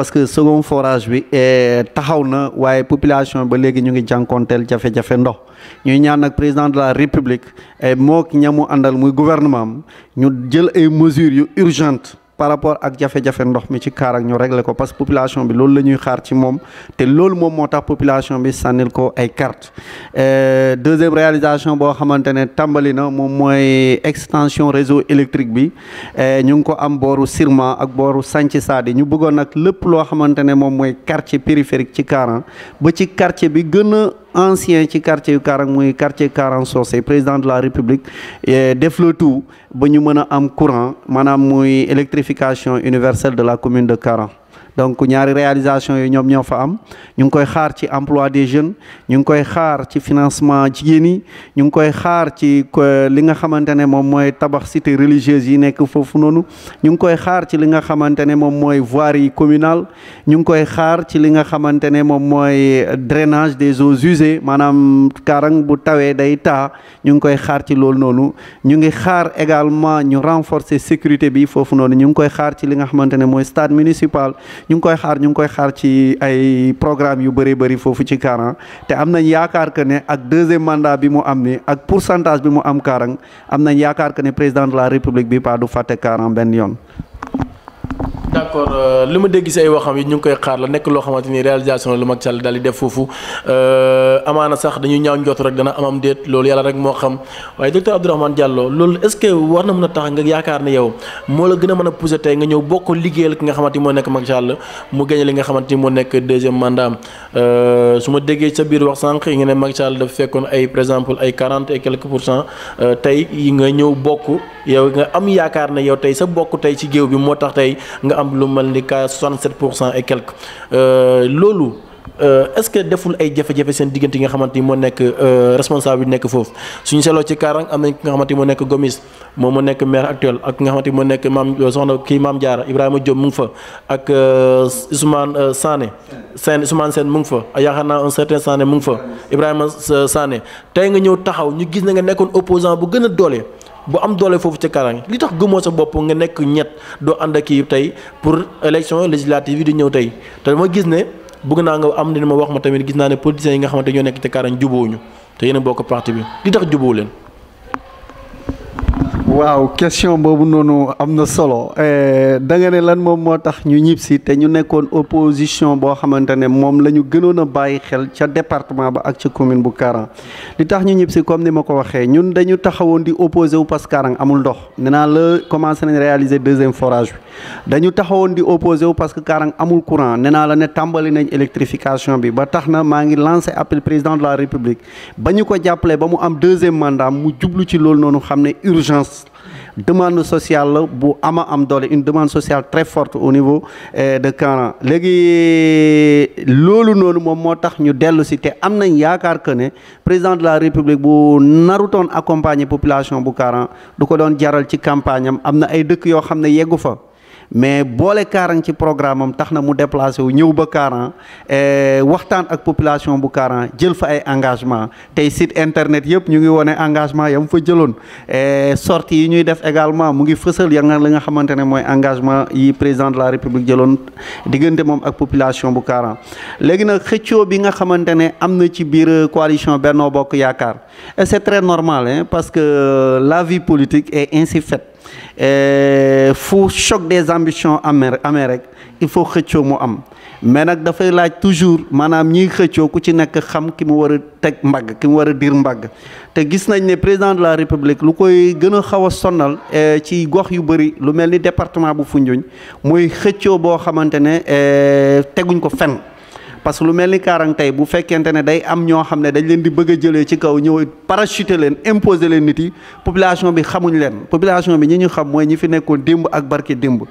parce que second forage bi eh, taxaw na waaye population ba léegi ñu ngi jànkoonteel jafe-jafe ndox ñuy ñaan nag président de la république eh, mook ñamu àndal muy gouvernement am ñu jël ay mesures yu urgentes par rapport ak jafe-jafe ndox mi ci kaar ak ñu régler ko parce que population bi loolu la xaar ci moom te loolu moom moo tax population bi sànnil ko ay carte euh, deuxième réalisation boo xamante ne tàmbali na moom mooy extension réseau électrique bi euh, ñu ngi ko am booru Sirma ak booru Sànci Saadi ñu bëggoon nag lépp loo xamante ne moom mooy quartier périphérique ci Kaaran ba ci quartier bi gën ancien ci quartier yu Karang muy quartier Karang Socé président de la République def le tout ba ñu mën a am courant maanaam muy électrification universelle de la commune de Karang donc ñaari réalisation yi ñoom ñoo fa am ñu ngi koy xaar ci emploi des jeunes ñu ngi koy xaar ci financement jigéen yi ñu ngi koy xaar ci li nga xamante ne moom mooy tabax yi nekk foofu noonu ñu ngi koy xaar ci li nga xamante ne moom mooy voirie communale ñu ngi koy xaar ci li nga xamante ne moom mooy drainage des eaux usées maanaam karang bu tawee day taa ñu ngi koy xaar ci loolu noonu ñu ngi xaar également ñu renforcer sécurité bi foofu noonu ñu ngi koy xaar ci li nga xamante ne mooy stade municipal ñu ngi koy xaar ñu ngi koy xaar ci ay programme yu bëri bëri foofu ci Karang te am nañ yaakaar que ne ak deuxième mandat bi mu am ni ak pourcentage bi mu am Karang am na yaakaar que ne président de la république bi pas du fàtte Karang benn yoon. d'accord euh, li ma dégg si ay waxam yi ñu ngi koy xaar la nekk loo xamante ni réalisation lu mag Sall daal di def foofu euh, amaana sax dañuy ñaaw njot rek dana amam déet loolu yàlla rek moo xam waaye docteur Abdourahmane Diallo loolu est-ce que war na mën a tax nga yaakaar ne yow moo la gën a mën a pousser tey nga ñëw bokk liggéeyal ki nga xamante ni moo nekk euh, ma déggee sa biir wax sànq yi nga ne mag Sall dafa fekkoon ay par exemple ay quarante et quelques pour cent tey nga ñëw bokk am yaakaar na yaw tey sa bokk tey ci géew bi moo tax tey nga am am lu mel ni ka 67 pour cent et quelque euh, loolu euh, est ce que deful ay jafe-jafe seen diggante yi nga xamante ni moo nekk euh, responsable bi nekk foofu suñu seetloo ci Kaarang am nañ ki nga xamante ni moo nekk Gomis moom moo nekk maire actuel ak ki nga xamante ni moo nekk maam soxna kii maam Diarra Ibrahima Diop mu ngi fa ak Ousmane Sané. Sène Ousmane Sène mu ngi fa yaakaar naa un certain Sané mu ngi fa Ibrahima Sané tey nga ñëw taxaw ñu gis na nga nekkoon opposant bu gën a doole. bu am doole foofu ca Kaarànge li tax gëmoo sa bopp nga nekk ñett doo ànd ak kii tey pour élection législative yi di ñëw tey te dama gis ne bëgg naa nga am ne ma wax ma tamit gis naa ne politiciens yi nga xamante ñoo nekk ca Kaarànge jubóowuñu te yéen a bokk parti bi li tax jubóowu leen. waaw question boobu noonu am na solo eh, da nga ne lan moom moo tax ñu ñib si te ñu nekkoon opposition boo xamante ne moom la ñu gënoon a bàyyi xel ca département ba ak ca commune bu Karang li tax ñu ñib si comme ni ma ko waxee ñun dañu taxawoon di opposé wu parce que Karang amul ndox nee naa la commencé nañ réaliser deuxième forage bi dañu taxawoon di opposé wu parce que Karang amul courant nee naa la ne tàmbali nañ électrification bi ba tax na maa ngi lancé appel président la république ba ñu ko jàppale ba mu am deuxième mandat mu jublu ci loolu noonu xam ne urgence demande sociale la bu ama am doole une demande sociale très forte au niveau eh, de Caen léegi loolu noonu moom moo tax ñu dellu si te am nañ yaakaar que ne président de la république bu narutoon accompagner population bu Caen du ko doon jaral ci campagne am am na ay dëkk yoo xam ne yeggu fa mais boole Karang ci programme am tax na mu déplacé wu ñëw ba Karang eh, waxtaan ak population bu Karang jël fa ay engagement tey site internet yëpp ñu ngi wone engagement yam fa jëloon eh, sortie yi ñuy def également mu ngi fësal ya nga li nga xamante ne mooy engagement yi président de la république jëloon diggante moom ak population bu Karang léegi nag xëcco bi nga xamante ne am na ci biir euh, coalition Benno Bokk Yaakaar et c'est très normal hein parce que euh, la vie politique est ainsi Eh, fu choc des ambitions amee amee rek il faut xëccoo mu am mais nag dafay laaj toujours maanaam ñiy xëccoo ku ci nekk xam ki mu war a teg mbagg ki mu war a diir mbagg te gis nañ ne président de la république lu koy gën a xaw a sonal eh, ci gox yu bëri lu mel ni département bu funjuñ muy xëccoo boo xamante ne eh, teguñ ko fen parce que lu mel ni Karang tey bu fekkente ne day am ñoo xam ne dañ leen di bëgg a jëlee ci kaw ñëw parachuter leen imposer leen nit yi population bi xamuñ leen population bi ñi ñu xam mooy ñi fi nekkoon démb ak barke démb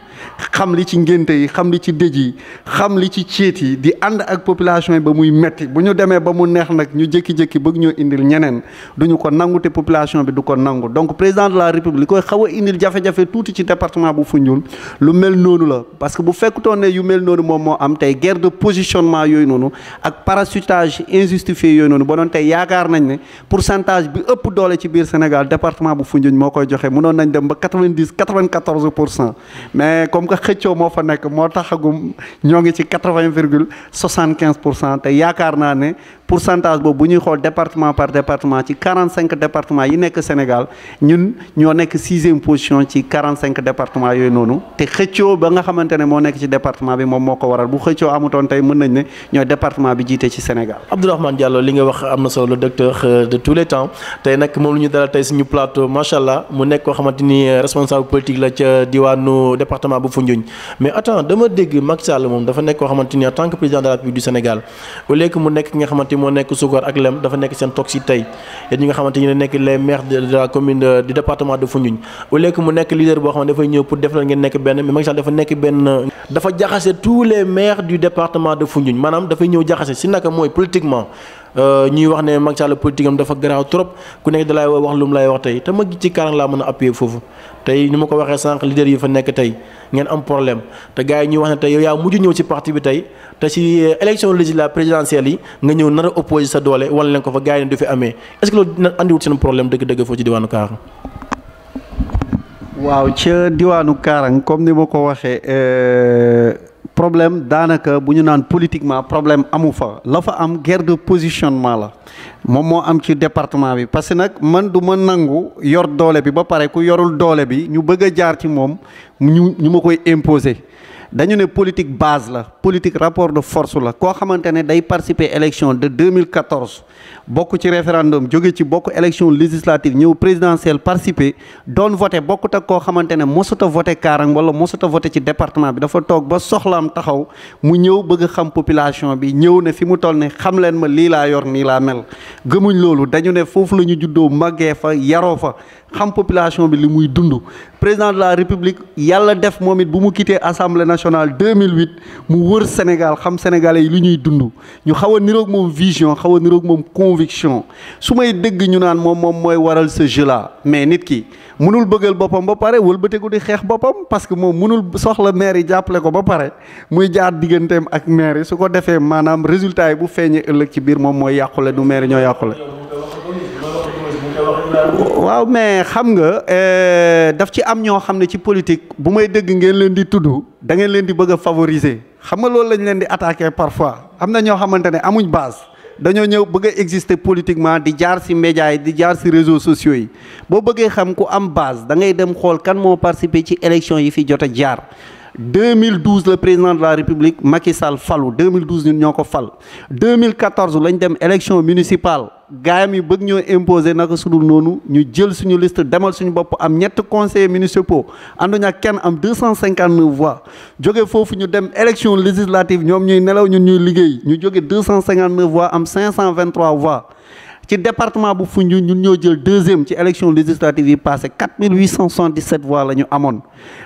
xam li ci ngénte yi xam li ci dëj yi xam li ci céet yi di ànd ak population yi muy metti bu ñu demee ba mu neex nag ñu jékki-jékki bëgg ñoo indil ñeneen duñu ko nangu te population bi du ko nangu donc président de la république koy xaw a indil jafe-jafe tuuti ci département bu Foundiougne lu mel noonu la parce que bu fekkutoon ne yu mel noonu moom moo am tey guerre de positionnement yooyu noonu ak parachutage injustifié yooyu noonu ba doon tey yaakaar nañ ne pourcentage bi ëpp doole ci biir Sénégal département bu Foundiougne moo koy joxe mënoon nañ dem ba quatre-vingt-dix quatre-vingt-quatorze pour cent mais comme que xëccoo moo fa nekk moo taxagum ñoo ngi ci quatre-vingts virgule pour cent te yaakaar naa ne pourcentage boobu bu ñuy xool département par département ci quarante-cinq départements yi nekk Sénégal ñun ñoo nekk sixième position ci quarante-cinq départements yooyu noonu te xëccoo ba nga xamante ne moo nekk ci département bi moom moo ko waral bu xëccoo nañ ne ñoo département bi jiite ci Sénégal. Abdourahmane Diallo li nga wax am na solo le docteur euh, de tous les temps tey nag moom la ñu dalal tey suñu plateau macha mu nekk koo xamante ni euh, responsable politique la ca diwaanu département bu Foundiougne mais attends dama dégg Macky moom dafa nekk koo xamante ni en président de la du Sénégal au lieu mu nekk ki nga xamante moo nekk Sukar ak Lem dafa nekk seen toog tey yéen ñi nga xamante ni ne nekk les maires maanaam dafay ñëw jaxase si naka mooy politiquement euh, ñuy wax ne Macky Sall politique dafa garaaw trop ku nekk dalay wax lu mu lay wax tey te ma ci kaaraan laa mën a appuyer foofu tey ni ma ko waxee sànq leader yi fa nekk tey ngeen am problème te gars yi ñuy wax ne tey yaa mujj ñëw ci parti bi tey te si euh, élection législative présidentielle yi nga ñëw nar a opposé sa doole wala ko fa gars yi ne du fi amee est-ce que loolu dina andiwul seen problème dëgg-dëgg problème daanaka bu ñu naan politiquement problème amu fa la fa am guerre de positionnement la moom moo am ci département bi parce que nag man du ma nangu yor doole bi ba pare ku yorul doole bi ñu bëgg a jaar ci moom ñu ñu ma koy imposer. dañu ne politique base la politique rapport de force la koo xamante ne day participer élection de 2014 bokk ci référendum jóge ci bokk élection législative ñëw présidentielle participer doon voté bokkut ak koo xamante ne mosut a voté Kaarang wala mosut voté ci département bi dafa toog ba soxlaam taxaw mu ñëw bëgg xam population bi ñëw ne fi mu toll ne xam leen ma lii laa yor nii laa mel gëmuñ loolu dañu ne foofu la ñu juddoo màggee fa yaroo fa xam population bi li muy dund président de la république yàlla def moom it bu mu quitté assemblée nationale 2008 mu wër Sénégal xam sénégalais yi li ñuy dund ñu xaw a niroog moom vision xaw a niroog moom conviction su may dégg ñu naan moom moom mooy waral sa jeu mais nit ki mënul bëggal boppam ba pare wëlbateeku di xeex boppam parce que moom mënul soxla maire yi jàppale ko ba pare muy jaar digganteem ak maire su ko defee maanaam résultat yi bu feeñee ëllëg ci biir moom mooy yàqule du maire ñoo yàqule. waaw mais xam nga euh, daf ci am ñoo xam ne ci politique bu may dëgg ngeen leen di tudd da ngeen leen di bëgg a favoriser xam nga loolu lañ leen di attaquer parfois am na ñoo xamante ne amuñ base dañoo ñëw bëgg a exister politiquement di jaar ci médias yi di jaar ci réseau sociaux yi boo bëggee xam ku am base da ngay dem xool kan moo participer ci élection yi fi jote a jaar. 2012 le président de la république Macky Sall falu 2012 ñun ñoo ko fal 2014 lañ dem élection municipale gaayam yi bëgg ñoo imposer naka sudul noonu ñu jël suñu liste demal suñu bopp am ñett conseillers municipaux ànduñu ak kenn am 259 voix jóge foofu ñu dem élection législative ñoom ñuy nelaw ñun ñuy liggéey ñu jóge 259 voix am 523 voix ci département bu Foundiougne ñun ñoo jël deuxième ci élection législative yi passé 4877 voix la ñu amoon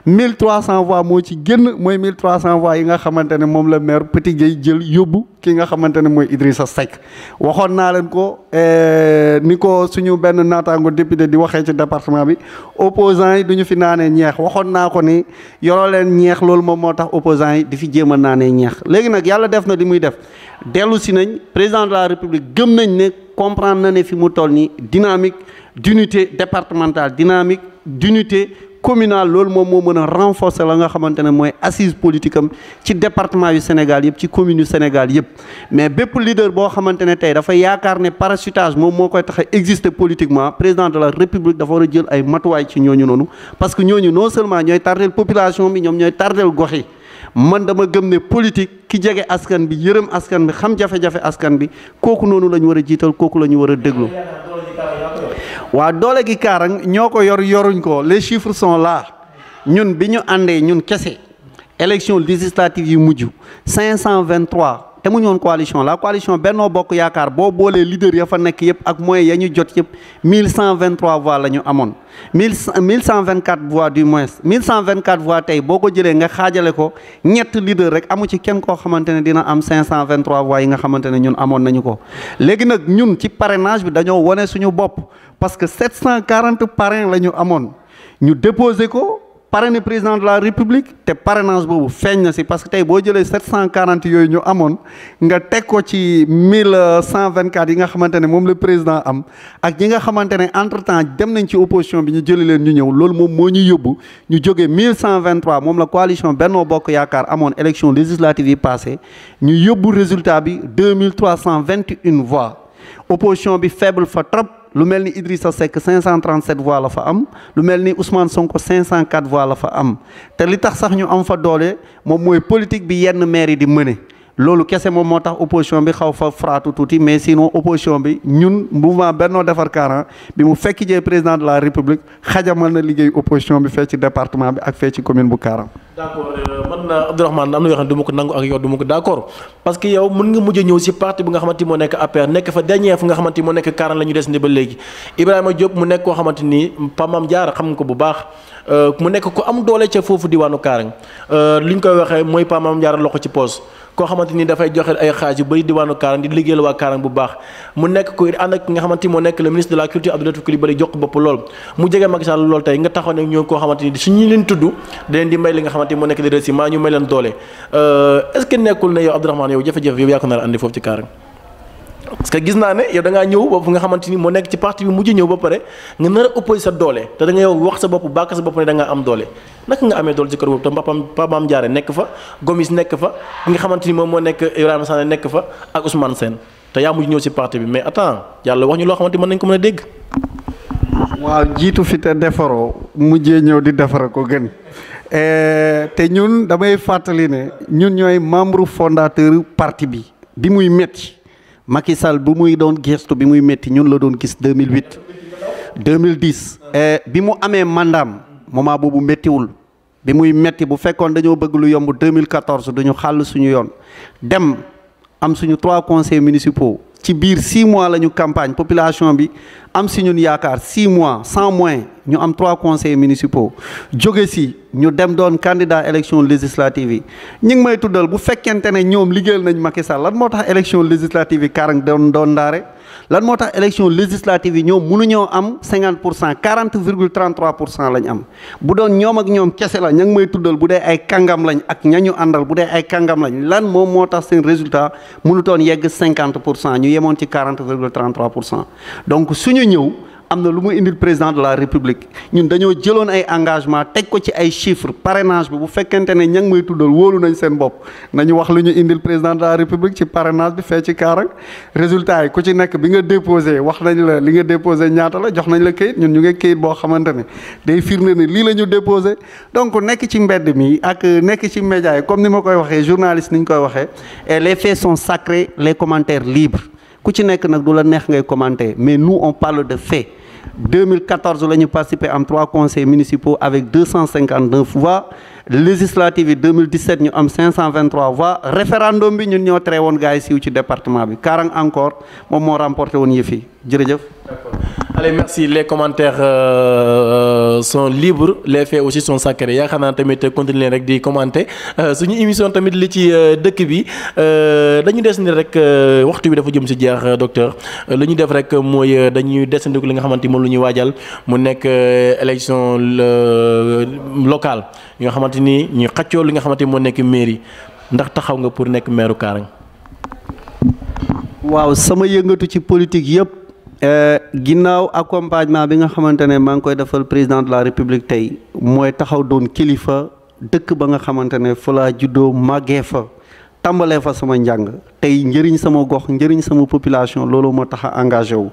1300 voix moo ci génn mooy 1300 voix yi nga xamante ne moom la maire Petit Gueye jël yóbbu ki nga xamante ne mooy Idrissa Seck waxoon naa leen ko eh, ni ko suñu benn naataango député di waxee ci département bi opposants yi du ñu fi naanee ñeex waxoon naa ko ni yoroo leen ñeex loolu moom moo tax opposants yi di fi jéem a ñeex léegi nag yàlla def na li muy def dellu nañ ne. comprendre na ne fi mu toll nii dynamique d'unité départementale dynamique d'unité communale loolu moom moo mën a renforcer la nga xamante ne mooy assise politique am ci département yu Sénégal yëpp ci commune yu Sénégal yëpp mais bépp leader boo xamante ne tey dafa yaakaar ne parachutage moom moo koy tax a exister politiquement président de la république dafa war a jël ay matuwaay ci ñooñu noonu parce que ñooñu non seulement ñooy tardeel population bi ñoom ñooy tardeel gox yi man dama gëm ne politique ki jege askan bi yërëm askan bi xam jafe-jafe askan bi kooku noonu la ñu war a jiital kooku la ñu war a déglu. waa doole gi kaarang ñoo ko yor yoruñ ko les chiffres son là ñun bi ñu àndee ñun kese élection législative yi mujj 523. te amuñu woon coalition la coalition Benno Bokk Yaakaar boo boolee leader ya fa nekk yëpp ak moyens ya ñu jot yëpp mille cent vingt trois voix la ñu amoon mil mille cent vingt quatre voix du moins mille cent vingt quatre voix tey boo ko jëlee nga xaajale ko ñett leader rek amu ci kenn koo xamante ne dina am cinq cent vingt trois voix yi nga xamante ne ñun amoon nañu ko. léegi nag ñun ci parrainage bi dañoo wane suñu bopp parce que sept cent quarante parrain la ñu amoon ñu déposé ko. parrainé président de la république te parrainage boobu feeñ na si parce que tey boo jëlee 740 yooyu ñu amoon nga teg ko ci 1124 yi nga xamante ne moom la président am ak yi nga xamante ne entre temps dem nañ ci opposition bi ñu jëli leen ñu ñëw loolu moom moo ñu yóbbu ñu jógee 1123 moom la coalition Benno Bokk Yaakaar amoon élection législative yi passé ñu yóbbu résultat bi 2321 voix opposition bi faible fa trop. lu mel ni Idrissa Seck 537 voix la fa am lu mel ni Ousmane Sonko 504 voix la fa am te li tax sax ñu am fa doole moom mooy politique bi yenn maire yi di mëne loolu kese moom moo tax opposition bi xaw fa fraatu tuuti mais sinon opposition bi ñun mouvement Benno Defar Kaaràn bi mu fekk jee président de la république xajamal na liggéey opposition bi fee ci département bi ak fee ci commune bu Kaaràn. d' accord euh, man euh, Abdourahmane am na yoo du ma nangu ak yow du ma ko d' accord parce que yow mën nga mujj ñëw si parti bi nga xamante ni moo nekk APR nekk fa dernier fu nga xamante ni moo nekk Kaaràn la des ni ba léegi Ibrahima Diop mu nekk koo xamante ni Pamam Diar xam nga ko bu baax euh, mu nekk ku am doole ca foofu diwaanu Kaaràn li ñu koy waxee mooy Pamam Diar loxo ci poos koo xamante ni dafay joxe ay xaaj yu bëri diwaanu Karang di liggéeyal waa Karang bu baax mu nekk ko ànd ak ki nga xamante ni moo nekk le ministre de la culture Abdou Latif Coulibaly jox bopp lool mu jege Macky Sall lool tey nga taxaw ne ñoo koo xamante ni suñu leen tudd da di may li nga xamante moo nekk di réussir maa ñu may leen doole euh, est nekkul ne yow Abdourahmane yow jafe-jafe yow yaa ko nar a andi foofu ci Karang parce que gis naa ne yow da ngaa ñëw ba fu nga xamante ni moo nekk ci parti bi mujj ñëw ba pare nga nar a opposé sa doole te da nga yow wax sa bopp bàkk sa bopp ne da am doole naka nga amee doole ci kër boobu te papam papam jaare nekk fa Gomis nekk nga xamante ni moom moo nekk Ibrahima Sané nekk fa ak Ousmane Sène te yaa ñëw si parti bi mais attends yàlla wax ñu loo xamante mën nañ ko mën a dégg waaw jiitu fi te defaroo mujjee ñëw di defara ko gën eh, te ñun damay fàttali ne ñun ñooy membre fondateur parti bi bi muy métti Macky Sall bu muy doon gestu bi muy métti ñun la doon gis 2008 2010 bi mu amee mandaam moment boobu méttiwul bi muy métti bu fekkoon dañoo bëgg lu yomb 2014 du ñu xàll suñu yoon dem am suñu trois conseils municipaux ci biir six mois la ñu campagne population bi am si ñun yaakaar six mois sans mois ñu am trois conseils municipaux jóge si ñu dem doon candidat élection législative yi ñi ngi may tuddal bu fekkente ne ñoom liggéeyal nañ Macky Sall lan moo tax élection législative yi kaarang doon doon ndaare lan moo tax élection législative yi ñoom mënuñoo am 50 pour cent 40 virgule 33 pour cent lañ am bu doon ñoom ak ñoom kese la ña ngi may tuddal bu dee ay kàngam lañ ak ña ñu àndal bu dee ay kàngam lañ lan moom moo tax seen résultat munu mënutoon yegg 50 pour cent ñu yemoon ci 40 virgule 33 pour cent donc suñu ñëw. am na lu mu indil président de la république ñun dañoo jëloon ay engagement teg ko ci ay chiffres parenage bi bu fekkente ne ña may tuddal wóolu nañ seen bopp nañu wax lu ñu indil président de la république ci parrainage bi fee ci kaarang résultat yi ku ci nekk bi nga déposé wax nañ la li nga déposé ñaata la jox nañ la kayit ñun ñu ngi kayit boo xamante ne day firnde ne lii la ñu déposé donc nekk ci mbedd mi ak nekk ci média yi comme ni ma koy waxee journaliste ni ñu koy waxee et les faits sont sacrés les commentaires libres ku ci nekk nag du la neex ngay commenter mais nous on parle de 2014 la ñu participé am trois conseils municipaux avec 259 voix législative yi 2017 ñu am 523 voix référendum bi ñun ñoo tere woon gars yi siiw ci département bi Karang encore moom moo remporté woon yëf yi jërëjëf. d'accord merci les commentaires euh, euh, sont libres les faits aussi son sacrés yaakaar naa tamit continuer rek di commenter euh, suñu émission tamit li ci euh, dëkk bi dañu des ni rek waxtu wi dafa jëm si jeex docteur li ñu def rek mooy dañuy desandiku li nga xamante moom lu ñuy waajal mu nekk élection locale yi nga xamante ni ñu xaccoo li nga xamante moo nekk mairie ndax taxaw nga pour nekk maire Karang waaw sama yëngatu ci politique yëpp. Euh, ginnaaw accompagnement bi nga xamante ne maa ngi koy defal président de la république tey mooy taxaw doon kilifa dëkk ba nga xamante ne fa laa juddoo màggee fa tàmbalee fa sama njàng tey njëriñ sama gox njëriñ sama population loolu moo tax a engagé wu.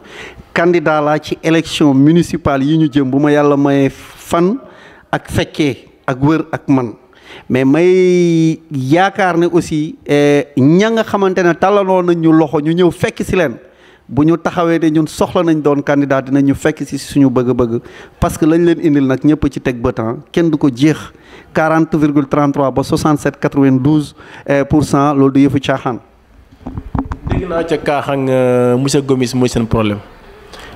candidat laa ci élection municipale yi ñu jëm bu ma yàlla mayee fan ak fekkee ak wër ak man mais may yaakaar ne aussi eh, ña nga xamante ne tàllaloo nañ ñu loxo ñu ñëw fekk si leen. bu ñu taxawee ne ñun soxla nañ doon candidat dinañ ñu fekk ci suñu bëgg-bëgg parce que lañ leen indil nag ñëpp ci teg bëtan ah kenn du ko jeex 40 virgule 33 ba 67 92 eh, pour cent loolu du yëfu caaxaan. dégg naa ca Kaaxang euh, monsieur Gomis mooy seen problème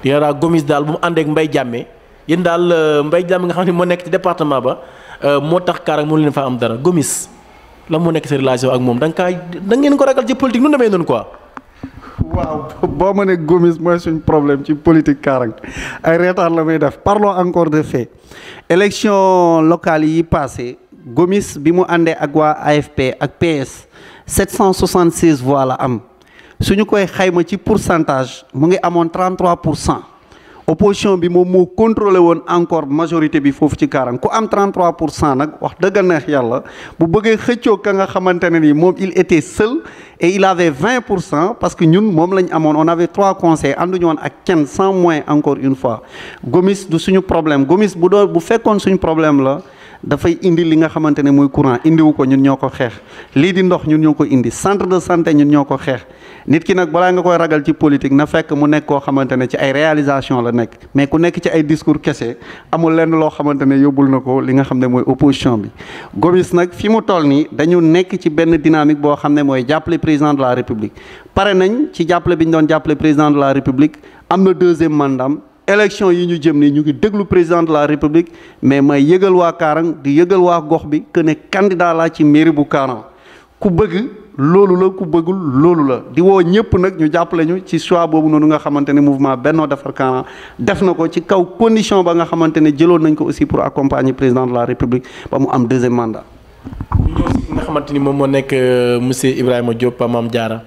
yéen daal Gomis daal bu mu àndeek mbay jàmmee yéen daal euh, Mbaye Diame nga xam ne moo nekk ci département ba euh, moo tax Kaarang mënu leen fa am dara Gomis la moo nekk sa relation ak moom da nga kaa da ngeen ko ragal ci politique nu demee noonu quoi. waaw boo ma ne Gomis mooy suñ problème ci politique kaarang ay retard la may def parlon encore de fait élection locale yi passé Gomis bi mu àndee ak waa AFP ak PS 776 voix la am suñu koy xayma ci pourcentage mu ngi amoon 33 pour cent opposition bi moom moo contrôlé woon encore majorité bi foofu ci Karang ku am pour cent nag wax dëgg neex yàlla bu bëggee xëccoo ka nga xamante ne ni moom il était seul et il avait 20 pour cent parce que ñun moom lañu ñu amoon on avait trois conseils ànduñu woon ak kenn sans moyen encore une fois Gomis du suñu problème Gomis bu doon bu fekkoon suñu problème la. dafay indi li nga xamante ne muy courant indiwu ko ñun ñoo ko xeex lii di ndox ñun ñoo ko indi centre de santé ñun ñoo ko xeex nit ki nag balaa nga koy ragal ci politique na fekk mu nekk koo xamante ne ci ay réalisation la nekk mais ku nekk ci ay discours kese amul lenn loo xamante ne yóbbul na ko li nga xam ne mooy opposition bi Gomis nag fi mu toll nii dañu nekk ci benn dynamique boo xam ne mooy jàppale président de la république pare nañ ci jàppale bi ñu doon jàppale président la république am na deuxième mandat élection yi ñu jëm ni ñu ngi déglu président de la république mais may yëgal waa Kaarang di yëgal waa gox bi que ne candidat laa ci mairie bu Kaarang ku bëgg loolu la ku bëggul loolu la di woo ñëpp nag ñu jàppale ñu ci choix boobu noonu nga xamante ne mouvement Benno Defar Kaarang ko ci kaw condition ba nga xamante ne jëloon nañ ko aussi pour accompagner président la république ba am deuxième mandat. nga xamante ni moom moo nekk euh, monsieur Ibrahima Diop Mame jaara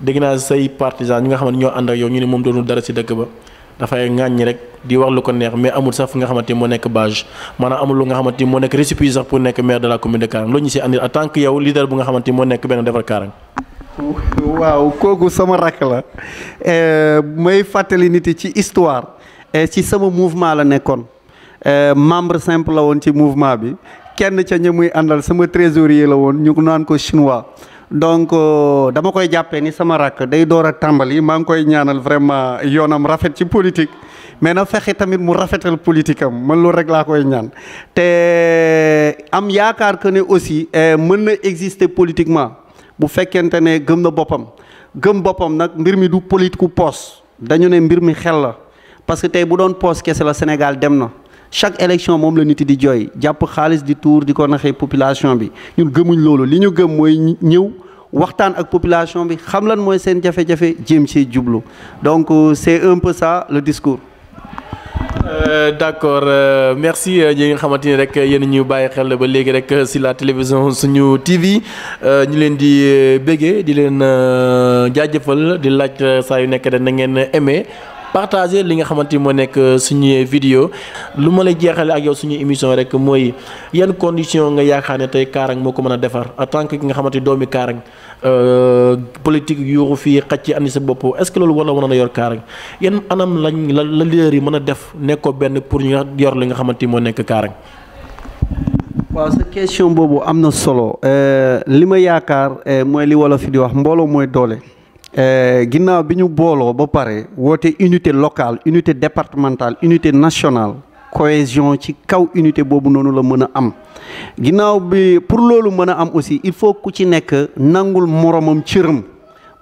dégg naa say partisans ñi nga xam ne ñoo ànd ak yow ñu ne moom doonu dara si dëkk ba. dafay ŋàññi rek di wax lu ko neex mais amul sax fu nga xamante ni moo nekk bâche maanaam amul lu nga xamante ni moo nekk récépissé sax pour nekk maire de la commune de Karang loolu ñu si andi en tant yow leader bu nga xamante ni nekk benn defar Karang. waaw kooku sama rakk la euh, may fàttali nit yi ci histoire euh, ci sama mouvement la nekkoon euh, membre simple la woon ci mouvement bi kenn ca ña muy àndal sama trésorier la woon ñu naan ko chinois. donc euh, dama koy jàppee ni sama rakk day door a tàmbali maa ngi koy ñaanal vraiment yoonam rafet ci politique mais na fexe tamit mu rafetal politique am mën loolu rek koy ñaan te euh, am yaakaar que ne aussi euh, mën na exister politiquement bu fekkente ne gëm na boppam gëm boppam nag mbir mi du politique ku poos dañu ne mbir mi xel la parce que tey bu doon poos kese la Sénégal dem na chaque élection moom la nit di jooy jàpp xaalis di tuur di ko naxee population bi ñun gëmuñ loolu li ñu gëm mooy ñëw waxtaan ak population bi xam lan mooy seen jafe-jafe jéem ci jublu donc euh, c'est un peu sa le discours. Euh, d'accord euh, merci euh, ñi nga xamante ni rek yéen ñu bàyyi xel ba léegi rek euh, si la télévision suñu TV ñu leen di béggee di leen jaajëfal di laaj saa yu nekk de na ngeen aimé. partager li nga xamante ni moo nekk euh, suñu vidéo lu ma lay jeexale ak yow suñu émission rek mooy yan condition nga yaakaar ne tey Kaarang moo ko mën a defar en tant que ki nga xamante ni doomi Kaarang euh, politique yuuxu fii xacc andi sa bopp est-ce que loolu war na mën a yor Kaarang yan anam lañ la la leader yi mën a def nekkoo benn pour ñu yor li nga xamante ni moo nekk Kaarang waaw sa question boobu am na solo euh, li ma yaakaar mooy li fi di wax mbooloo mooy doole Euh, ginnaaw bi ñu booloo ba pare woote unité locale unité départementale unité national cohésion ci kaw unité boobu noonu la mën a am ginnaaw bi pour loolu mën a am aussi il faut ku ci nekk nangul moromam cëram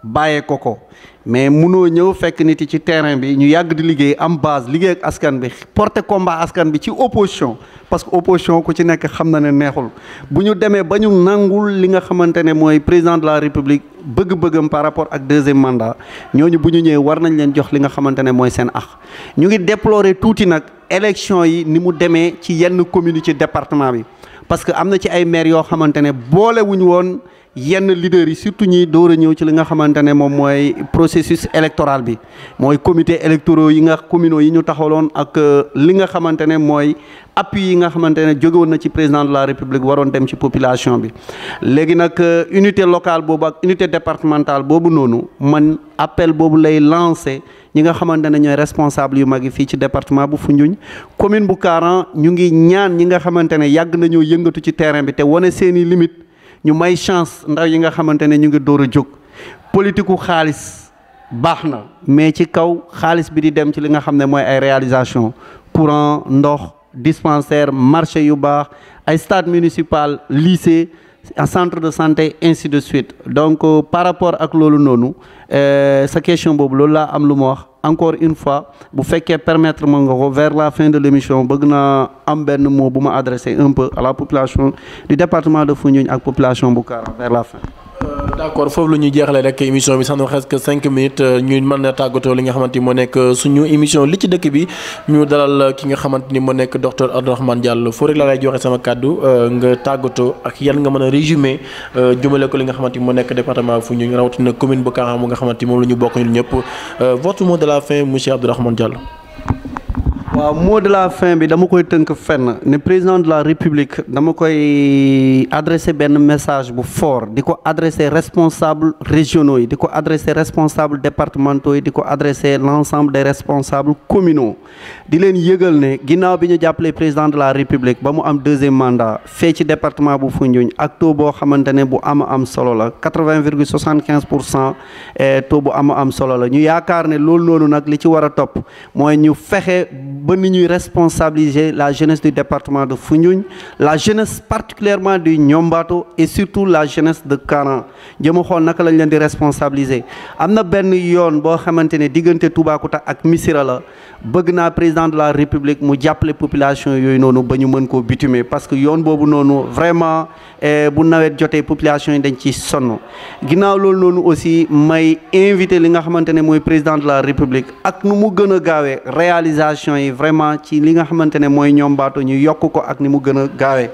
bàyyee ko ko mais munoo ñëw fekk nit yi ci terrain bi ñu yàgg di liggéey am base liggéey ak askan bi porte combat askan bi ci opposition parce que opposition ku ci nekk xam na ne neexul bu ñu demee ba ñu nangul li nga xamante ne mooy président de la république bëgg-bëggam par rapport ak deuxième mandat ñooñu bu ñu ñëwee war nañ leen jox li nga xamante ne mooy seen ax ñu ngi déplorer tuuti nag élection yi ni mu demee ci yenn commune ci département bi parce que am na ci ay maire yoo xamante ne boolewuñu woon yenn leaders yi surtout ñi door a ñëw ci li nga xamante ne moom mooy processus électoral bi mooy comité électoraux yi nga communaux yi ñu taxawloon ak euh, li nga xamante ne mooy appui yi nga xamante ne jóge woon na ci président la république waroon dem ci population bi. léegi nag euh, unité locale boobu ak unité départementale boobu noonu man appel boobu lay lancé ñi nga xamante ne ñooy responsable yu mag yi fii ci département bu Foundiougne commune bu Kaaran ñu ngi ñaan ñi nga xamante ne yàgg nañoo yëngatu ci terrain bi te wane seeni limite ñu may chance ndaw yi nga xamante ne ñu ngi door a jóg politique u xaalis baax na mais ci kaw xaalis bi di dem ci li nga xam ne mooy ay réalisation courant ndox dispensaire marché yu baax ay stade municipal lycée en centre de santé ainsi de suite donc euh, par rapport ak loolu noonu euh, sa question boobu loolu laa am lu ma wax encore une fois bu fekkee permettre ma nga ko vers la fin de l'émission bëgg na am benn moo bu ma adressé un peu à la population du département de Foundiougne ak population bu Karang vers la fin Euh, d' accord foofu la ñuy jeexalee rek émission bi sax na presque cinq minutes euh, ñu mën a tàggatoo li nga xamante ni moo nekk euh, suñu émission li ci dëkk bi ñu dalal ki nga xamante ni moo nekk docteur Abdourahmane Diallo foo rek la lay joxe sama kàddu nga tàggatoo ak yan nga mën a résumé jëmale ko li nga xamante ni nekk département fu ñu rawatina commune bu Karang bu nga xamante moom la ñu bokk ñun ñëpp votre mot de la fin monsieur Abdourahmane Diallo. waaw moo de la fin bi dama koy tënk fenn ne président de la république dama koy adressé benn message bu fort di ko adressé responsable régionaux yi di ko adressé responsable départementaux yi di ko adressé l' ensemble des responsables communaux di leen yëgal ne ginnaaw bi ñu jàppalee président de la république ba mu am deuxième mandat fee ci département bu Foundiougne ak taux boo xamante ne bu ama am solo la quatre vingt virgule soixante quinze pour cent eh, taux bu ama am solo la ñu yaakaar ne loolu noonu nag li ci war a topp ba ni la jeunesse département de Foundiougne la jeunesse particulièrement du Ñombato surtout la jeunesse de Karan jëm a xool naka lañ leen di responsabiliser am na benn yoon boo xamante ne diggante Toubacouta ak Missira bëgg naa président de la République mu jàppale population yooyu noonu ba ñu mën koo bitumer parce que yoon boobu noonu vraiment eh, bu nawet jotee population yi dañ ci sonn ginnaaw loolu noonu aussi may invité li nga xamante ne mooy président de la République ak nu mu gën a gaawee réalisation yi vraiment ci li nga xamante ne mooy ñoom baatu ñu yokk ko ak ni mu gën a gaawee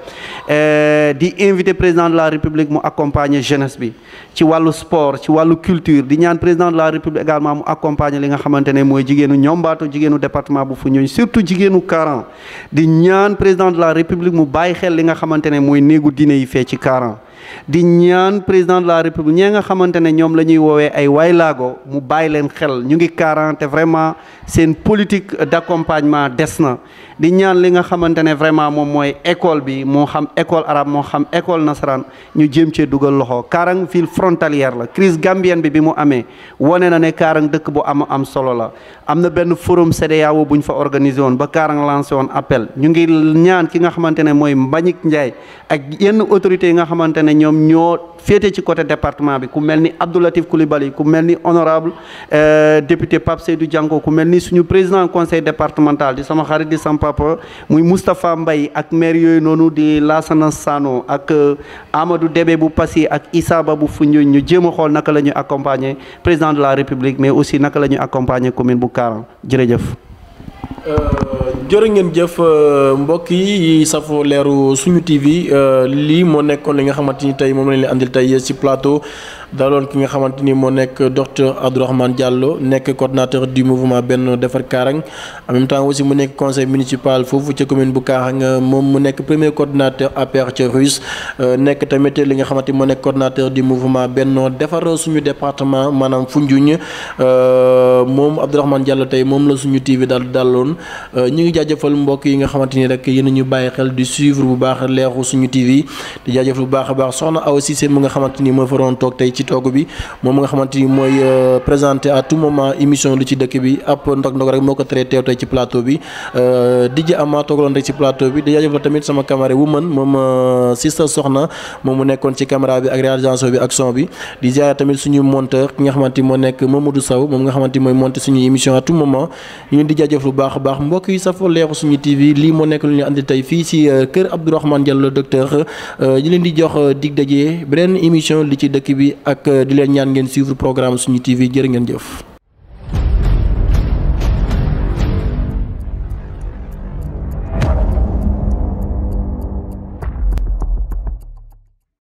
eh, di invité président de la république mu accompagner jeunesse bi ci wàllu sport ci wàllu culture di ñaan président de la république également mu accompagner li nga xamante ne mooy jigéenu ñoom baatu jigéenu département bu fu Foundiougne surtout jigéenu Karang di ñaan président de la république mu bàyyi xel li nga xamante ne mooy néegu diine yi fee ci Karang di ñaan président la république ñee nga xamante ne ñoom la ñuy woowee ay waylaago mu bàyyi leen xel ñu ngi quarante vraiment seen politique d'accompagnement des na di ñaan li nga xamante ne vraiment moom mooy école bi moo xam école arabe moo xam école nasaraan ñu jéem cee dugal loxo Karang ville frontalière la crise gambienne bi bi mu amee wone na ne Karang dëkk bu am am solo la am na benn forum CEDEAO bu ñu fa organisé woon ba Karang lancé woon appel ñu ngi ñaan ki nga xamante ne mooy Mbagnick Ndiaye ak yenn autorités yi nga xamante ne ñoom ñoo féete ci côté département bi ku mel ni Abdoulatif Coulibaly ku mel ni honorable euh, député Pape Seydou Dianko ku mel ni suñu président conseil départemental papa muy Moustapha mbay ak maire yooyu noonu di Lassana saano ak euh, amadu Debe bu Passy ak Issa Ba bu Foundiougne ñu jéem a xool naka la ñu accompagner président de la République mais aussi naka la ñu accompagner commune bu Karang jërëjëf. Euh, jërë ngeen jëf euh, mbokk yi safoo leeru suñu TV lii moo nekkoon li nga xamante ni tey moom lañ leen andil tey ci plateau. daloon ki nga xamante ni moo nekk docteur Abdourahmane Diallo nekk coordonnateur du mouvement Benno Defar Kaarang en même temps aussi mu nekk conseil municipal foofu ca commune bu Kaarang moom mu nekk premier coordonnateur APR ca Rus euh, nekk tamit li nga xamante ni moo nekk coordonnateur du mouvement Benno Defar suñu département maanaam Foundiougne euh, moom Abdourahmane Diallo tey moom la suñu TV daal daloon euh, ñu ngi jaajëfal mbokk yi nga xamante ni rek yéen ñu bàyyi xel di suivre bu baax leeru suñu TV di jaajëfal a baax soxna Awa Cissé mu ci toog bi moom nga xamante ni mooy euh, présenté à tout moment émission lu ci dëkk bi ab ndog-ndog rek moo ko traité teew tey ci plateau bi euh, DJ Ama toogaloon rek ci plateau bi di jaajëfal tamit sama camarade euh, ci caméra bi ak réalisation bi ak son bi di jaare tamit suñu monteur moom nga xamante mooy monté suñu émission à tout moment ñu di jaajëf lu baax a baax mbokk safoo leexu suñu TV lii moo nekk lu ñu andi tey fii ci kër Abdourahmane Diallo docteur ñu leen ak euh, di leen ñaan ngeen suivre programme suñu TV jërë ngeen jëf.